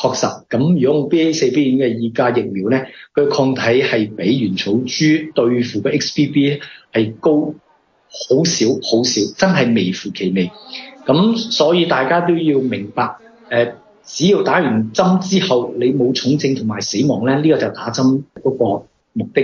確實，咁如果用 B A 四 B 五嘅二價疫苗咧，佢抗體係比原草株對付嘅 X B B 係高，好少好少，真係微乎其微。咁所以大家都要明白，呃、只要打完針之後你冇重症同埋死亡咧，呢、呢個就打針嗰個目的。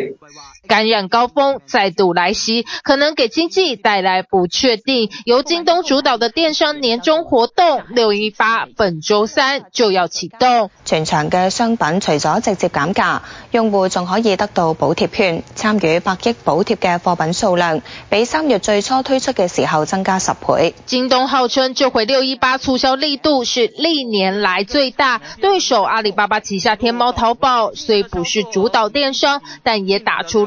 感染高峰再度來襲，可能給經濟帶來不確定。由京東主導的電商年終活動“六一八”本周三就要啟動。全場嘅商品除咗直接減價，用戶仲可以得到補貼券。參與百億補貼嘅貨品數量，比三月最初推出嘅時候增加十倍。京東號稱，這回“六一八”促銷力度是歷年來最大。對手阿里巴巴旗下天貓淘寶雖不是主導電商，但也打出。